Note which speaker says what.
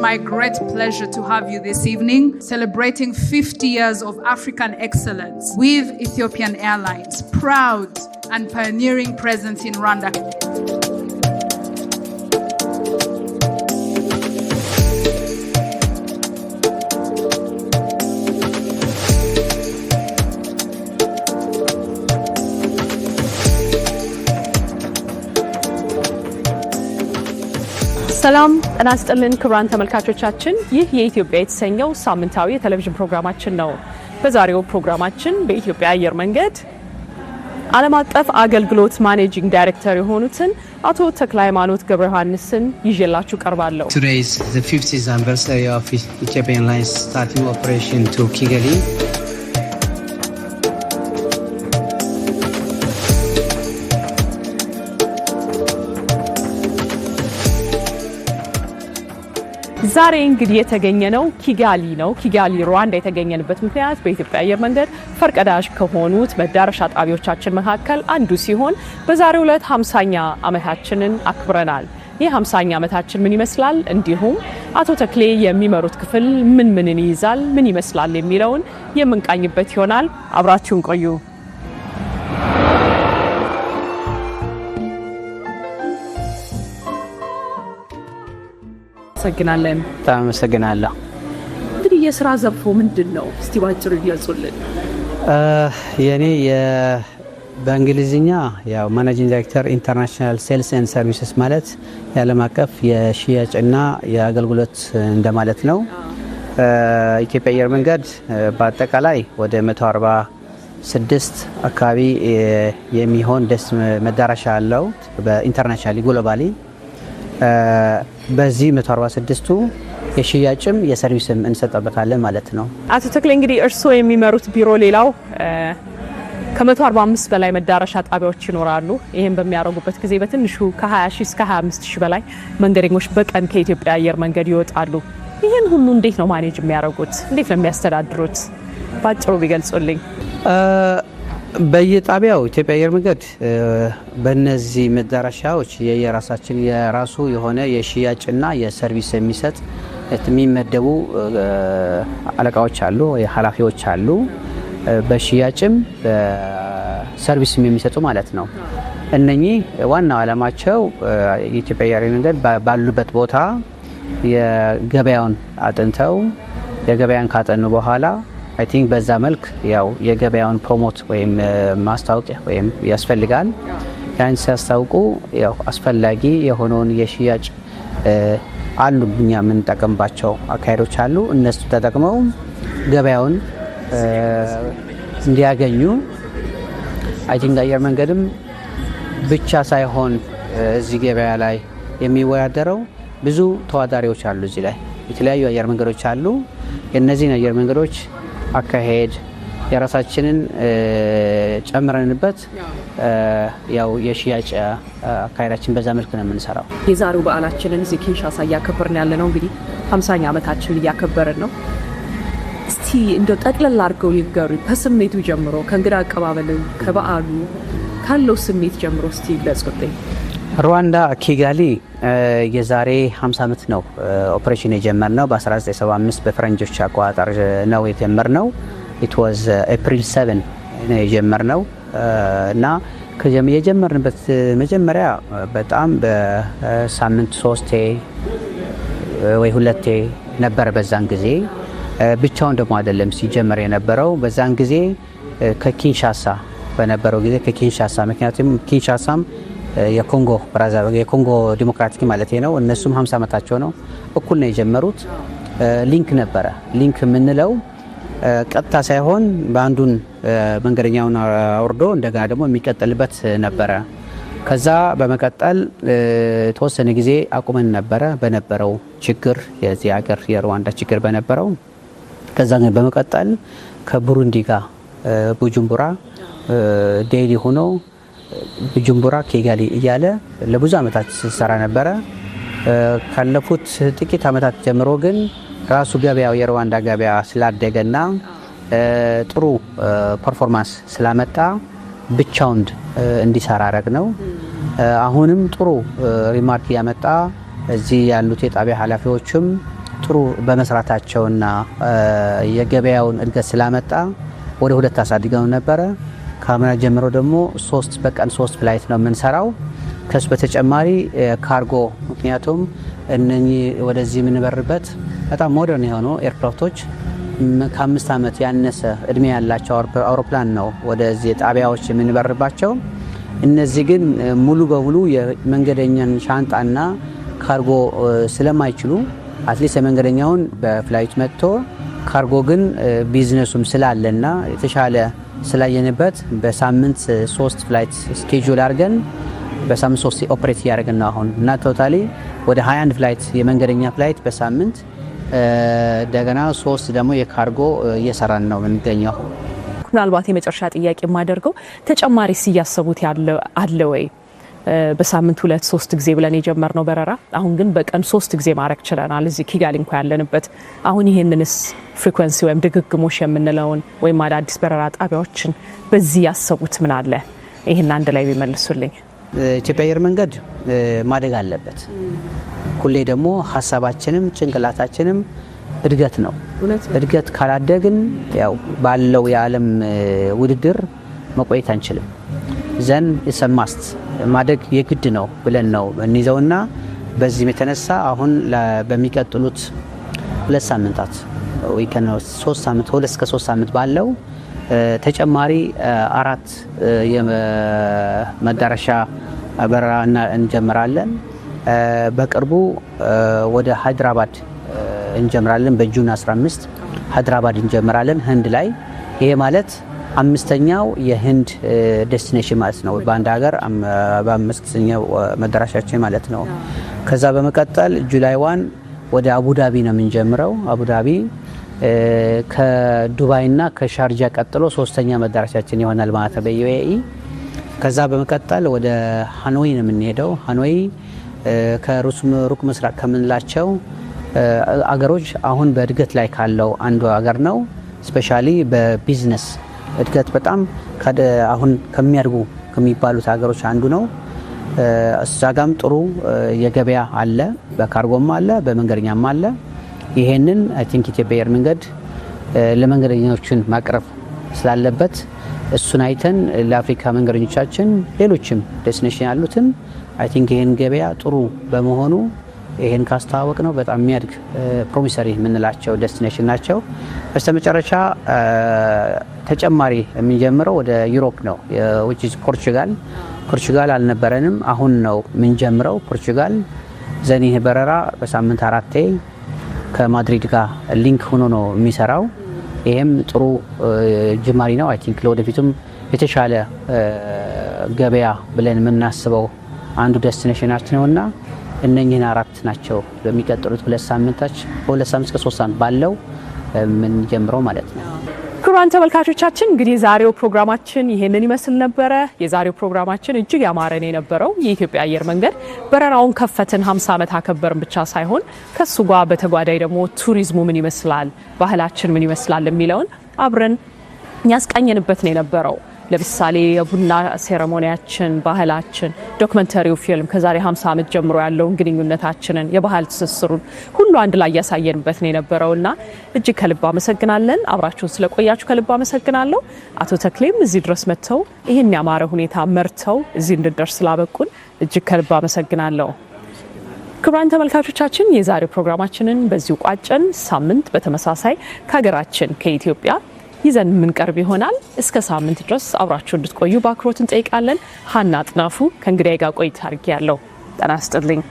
Speaker 1: my great pleasure to have you this evening, celebrating 50 years of African excellence with Ethiopian Airlines, proud and pioneering presence in Rwanda.
Speaker 2: ሰላም ጤና ይስጥልን ክቡራን ተመልካቾቻችን፣ ይህ የኢትዮጵያ የተሰኘው ሳምንታዊ የቴሌቪዥን ፕሮግራማችን ነው። በዛሬው ፕሮግራማችን በኢትዮጵያ አየር መንገድ ዓለም አቀፍ አገልግሎት ማኔጂንግ ዳይሬክተር የሆኑትን አቶ ተክለ ሃይማኖት ገብረ ዮሐንስን ይዤላችሁ ቀርባለሁ።
Speaker 3: ቱዴይ ኢዝ ኤርላይንስ ስታርቲንግ ኦፕሬሽን ቱ ኪጋሊ
Speaker 2: ዛሬ እንግዲህ የተገኘ ነው ኪጋሊ ነው። ኪጋሊ ሩዋንዳ የተገኘንበት ምክንያት በኢትዮጵያ አየር መንገድ ፈርቀዳሽ ከሆኑት መዳረሻ ጣቢያዎቻችን መካከል አንዱ ሲሆን በዛሬው ዕለት ሀምሳኛ ዓመታችንን አክብረናል። ይህ ሀምሳኛ ዓመታችን ምን ይመስላል፣ እንዲሁም አቶ ተክሌ የሚመሩት ክፍል ምን ምንን ይይዛል፣ ምን ይመስላል የሚለውን የምንቃኝበት ይሆናል። አብራችሁን ቆዩ። እናመሰግናለን።
Speaker 3: በጣም አመሰግናለሁ።
Speaker 2: እንግዲህ የስራ ዘርፎ ምንድን ነው? እስቲ ባጭሩ ይገልጹልን።
Speaker 3: የእኔ በእንግሊዝኛ ያው ማናጂንግ ዳይሬክተር ኢንተርናሽናል ሴልስ ኤንድ ሰርቪስስ ማለት የዓለም አቀፍ የሽያጭና የአገልግሎት እንደማለት ነው። ኢትዮጵያ አየር መንገድ በአጠቃላይ ወደ 146 አካባቢ የሚሆን ደስ መዳረሻ አለው በኢንተርናሽናሊ ግሎባሊ በዚህ 146ቱ የሽያጭም የሰርቪስም እንሰጠበታለን ማለት ነው።
Speaker 2: አቶ ተክሌ እንግዲህ እርስዎ የሚመሩት ቢሮ ሌላው ከ145 በላይ መዳረሻ ጣቢያዎች ይኖራሉ። ይህም በሚያደርጉበት ጊዜ በትንሹ ከ20 እስከ 25 ሺህ በላይ መንገደኞች በቀን ከኢትዮጵያ አየር መንገድ ይወጣሉ። ይህን ሁሉ እንዴት ነው ማኔጅ የሚያደርጉት? እንዴት ነው የሚያስተዳድሩት? በአጭሩ ቢገልጹልኝ።
Speaker 3: በየጣቢያው ኢትዮጵያ አየር መንገድ በእነዚህ መዳረሻዎች የየራሳችን የራሱ የሆነ የሽያጭና የሰርቪስ የሚሰጥ የሚመደቡ አለቃዎች አሉ፣ ኃላፊዎች አሉ። በሽያጭም በሰርቪስም የሚሰጡ ማለት ነው። እነኚህ ዋናው ዓላማቸው የኢትዮጵያ አየር መንገድ ባሉበት ቦታ የገበያውን አጥንተው የገበያን ካጠኑ በኋላ አይ ቲንክ በዛ መልክ ያው የገበያውን ፕሮሞት ወይም ማስታወቂያ ወይም ያስፈልጋል። ያን ሲያስታውቁ ያው አስፈላጊ የሆነውን የሽያጭ አሉ እኛ የምንጠቀምባቸው አካሄዶች አሉ። እነሱ ተጠቅመው ገበያውን እንዲያገኙ አይ ቲንክ አየር መንገድም ብቻ ሳይሆን እዚህ ገበያ ላይ የሚወዳደረው ብዙ ተዋዳሪዎች አሉ። እዚህ ላይ የተለያዩ አየር መንገዶች አሉ። የእነዚህን አየር መንገዶች አካሄድ የራሳችንን ጨምረንበት ያው የሽያጭ አካሄዳችን በዛ መልክ ነው የምንሰራው።
Speaker 2: የዛሬው በዓላችንን እዚህ ኪንሻሳ እያከበርን ያለ ነው። እንግዲህ ሀምሳኛ ዓመታችን እያከበርን ነው። እስቲ እንደ ጠቅለል አድርገው ይገሩ ከስሜቱ ጀምሮ ከእንግዳ አቀባበል፣ ከበዓሉ ካለው ስሜት ጀምሮ እስቲ ይግለጹልኝ።
Speaker 3: ሩዋንዳ ኪጋሊ የዛሬ 50 ዓመት ነው ኦፕሬሽን የጀመርነው። በ1975 በፈረንጆች አቆጣጠር ነው የጀመርነው። ኢት ዋዝ ኤፕሪል 7 ነው የጀመርነው እና የጀመርንበት መጀመሪያ በጣም በሳምንት ሶስቴ ወይ ሁለቴ ነበረ። በዛን ጊዜ ብቻውን ደግሞ አይደለም ሲጀመር የነበረው። በዛን ጊዜ ከኪንሻሳ በነበረው ጊዜ ከኪንሻሳ ምክንያቱም ኪንሻሳም የኮንጎ ብራዛ የኮንጎ ዲሞክራቲክ ማለት ነው። እነሱም 50 ዓመታቸው ነው። እኩል ነው የጀመሩት። ሊንክ ነበረ። ሊንክ የምንለው ቀጥታ ሳይሆን በአንዱን መንገደኛውን አውርዶ እንደገና ደግሞ የሚቀጥልበት ነበረ። ከዛ በመቀጠል የተወሰነ ጊዜ አቁመን ነበረ በነበረው ችግር የዚህ ሀገር የሩዋንዳ ችግር በነበረው ከዛ ግን በመቀጠል ከቡሩንዲ ጋር ቡጁምቡራ ዴይሊ ሆኖ ቡጁምቡራ ኬጋሊ እያለ ለብዙ ዓመታት ሲሰራ ነበረ። ካለፉት ጥቂት ዓመታት ጀምሮ ግን ራሱ ገበያው የሩዋንዳ ገበያ ስላደገና ጥሩ ፐርፎርማንስ ስላመጣ ብቻውን እንዲሰራ ረግ ነው። አሁንም ጥሩ ሪማርክ እያመጣ እዚህ ያሉት የጣቢያ ኃላፊዎችም ጥሩ በመስራታቸውና የገበያውን እድገት ስላመጣ ወደ ሁለት አሳድገው ነበረ። ከአምና ጀምሮ ደግሞ ሶስት በቀን ሶስት ፍላይት ነው የምንሰራው። ከሱ በተጨማሪ ካርጎ ምክንያቱም እነኚህ ወደዚህ የምንበርበት በጣም ሞደርን የሆኑ ኤርክራፍቶች ከአምስት ዓመት ያነሰ እድሜ ያላቸው አውሮፕላን ነው ወደዚህ ጣቢያዎች የምንበርባቸው። እነዚህ ግን ሙሉ በሙሉ የመንገደኛን ሻንጣና ካርጎ ስለማይችሉ አትሊስት የመንገደኛውን በፍላይት መጥቶ ካርጎ ግን ቢዝነሱም ስላለና የተሻለ ስላየንበት በሳምንት ሶስት ፍላይት ስኬጁል አድርገን በሳምንት ሶስት ኦፕሬት እያደረግን ነው አሁን እና ቶታሊ ወደ 21 ፍላይት የመንገደኛ ፍላይት በሳምንት እንደገና ሶስት ደግሞ የካርጎ እየሰራን ነው የምንገኘው።
Speaker 2: ምናልባት የመጨረሻ ጥያቄ የማደርገው ተጨማሪ እያሰቡት አለ ወይ? በሳምንት ሁለት ሶስት ጊዜ ብለን የጀመርነው በረራ አሁን ግን በቀን ሶስት ጊዜ ማድረግ ችለናል። እዚህ ኪጋሊ እንኳ ያለንበት አሁን ይህንንስ ፍሪኩንሲ ወይም ድግግሞሽ የምንለውን ወይም አዳዲስ በረራ ጣቢያዎችን በዚህ ያሰቡት ምን አለ? ይህን አንድ ላይ ቢመልሱልኝ።
Speaker 3: ኢትዮጵያ አየር መንገድ ማደግ አለበት። ሁሌ ደግሞ ሀሳባችንም ጭንቅላታችንም እድገት ነው። እድገት ካላደግን ያው ባለው የዓለም ውድድር መቆየት አንችልም ዘን ኢትስ ማስት ማደግ የግድ ነው ብለን ነው እንይዘውና በዚህም የተነሳ አሁን በሚቀጥሉት ሁለት ሳምንታት ወይ ሶስት ሳምንት ሁለት እስከ ሶስት ሳምንት ባለው ተጨማሪ አራት የመዳረሻ በረራ እንጀምራለን። በቅርቡ ወደ ሃይድራባድ እንጀምራለን። በጁን 15 ሃይድራባድ እንጀምራለን ህንድ ላይ። ይሄ ማለት አምስተኛው የህንድ ዴስቲኔሽን ማለት ነው። በአንድ ሀገር በአምስተኛው መዳረሻችን ማለት ነው። ከዛ በመቀጠል ጁላይ ዋን ወደ አቡዳቢ ነው የምንጀምረው። አቡዳቢ ከዱባይና ከሻርጃ ቀጥሎ ሶስተኛ መዳረሻችን ይሆናል ማለት ነው በዩኤኢ። ከዛ በመቀጠል ወደ ሀኖይ ነው የምንሄደው። ሀኖይ ከሩቅ ምስራቅ ከምንላቸው አገሮች አሁን በእድገት ላይ ካለው አንዱ ሀገር ነው። ስፔሻሊ በቢዝነስ እድገት በጣም አሁን ከሚያድጉ ከሚባሉት ሀገሮች አንዱ ነው። እዛ ጋም ጥሩ የገበያ አለ፣ በካርጎም አለ፣ በመንገደኛም አለ። ይሄንን አይ ቲንክ ኢትዮጵያ አየር መንገድ ለመንገደኞችን ማቅረብ ስላለበት እሱን አይተን ለአፍሪካ መንገደኞቻችን ሌሎችም ዴስቲኔሽን ያሉትም አይ ቲንክ ይህን ገበያ ጥሩ በመሆኑ ይህን ካስተዋወቅ ነው በጣም የሚያድግ ፕሮሚሰሪ የምንላቸው ደስቲኔሽን ናቸው። በስተ መጨረሻ ተጨማሪ የምንጀምረው ወደ ዩሮፕ ነው ዊች ፖርቹጋል አልነበረንም፣ አሁን ነው የምንጀምረው። ፖርቹጋል ዘኒህ በረራ በሳምንት አራቴ ከማድሪድ ጋር ሊንክ ሆኖ ነው የሚሰራው። ይህም ጥሩ ጅማሪ ነው። አይ ቲንክ ለወደፊቱም የተሻለ ገበያ ብለን የምናስበው አንዱ ደስቲኔሽናችን ነውእና። እነኝህን አራት ናቸው በሚቀጥሉት ሁለት ሳምንታች በሁለት ሳምንት እስከ ሶስት ሳምንት ባለው የምንጀምረው ማለት ነው።
Speaker 2: ክቡራን ተመልካቾቻችን እንግዲህ የዛሬው ፕሮግራማችን ይሄንን ይመስል ነበረ። የዛሬው ፕሮግራማችን እጅግ ያማረን የነበረው የኢትዮጵያ አየር መንገድ በረራውን ከፈትን 50 ዓመት አከበርን ብቻ ሳይሆን ከሱ ጋር በተጓዳይ ደግሞ ቱሪዝሙ ምን ይመስላል፣ ባህላችን ምን ይመስላል የሚለውን አብረን ያስቃኘንበት ነው የነበረው። ለምሳሌ የቡና ሴረሞኒያችን፣ ባህላችን፣ ዶክመንተሪው ፊልም ከዛሬ 50 ዓመት ጀምሮ ያለውን ግንኙነታችንን፣ የባህል ትስስሩን ሁሉ አንድ ላይ እያሳየንበት ነው የነበረው እና እጅግ ከልብ አመሰግናለን። አብራችሁን ስለቆያችሁ ከልብ አመሰግናለሁ። አቶ ተክሌም እዚህ ድረስ መጥተው ይህን ያማረ ሁኔታ መርተው እዚህ እንድደርስ ስላበቁን እጅግ ከልብ አመሰግናለሁ። ክቡራን ተመልካቾቻችን የዛሬው ፕሮግራማችንን በዚሁ ቋጨን። ሳምንት በተመሳሳይ ከሀገራችን ከኢትዮጵያ ይዘን የምንቀርብ ይሆናል። እስከ ሳምንት ድረስ አብራችሁ እንድትቆዩ በአክብሮት እንጠይቃለን። ሀና አጥናፉ ከእንግዲህ ጋር ቆይታ አድርጌ ያለው ጤና ይስጥልኝ።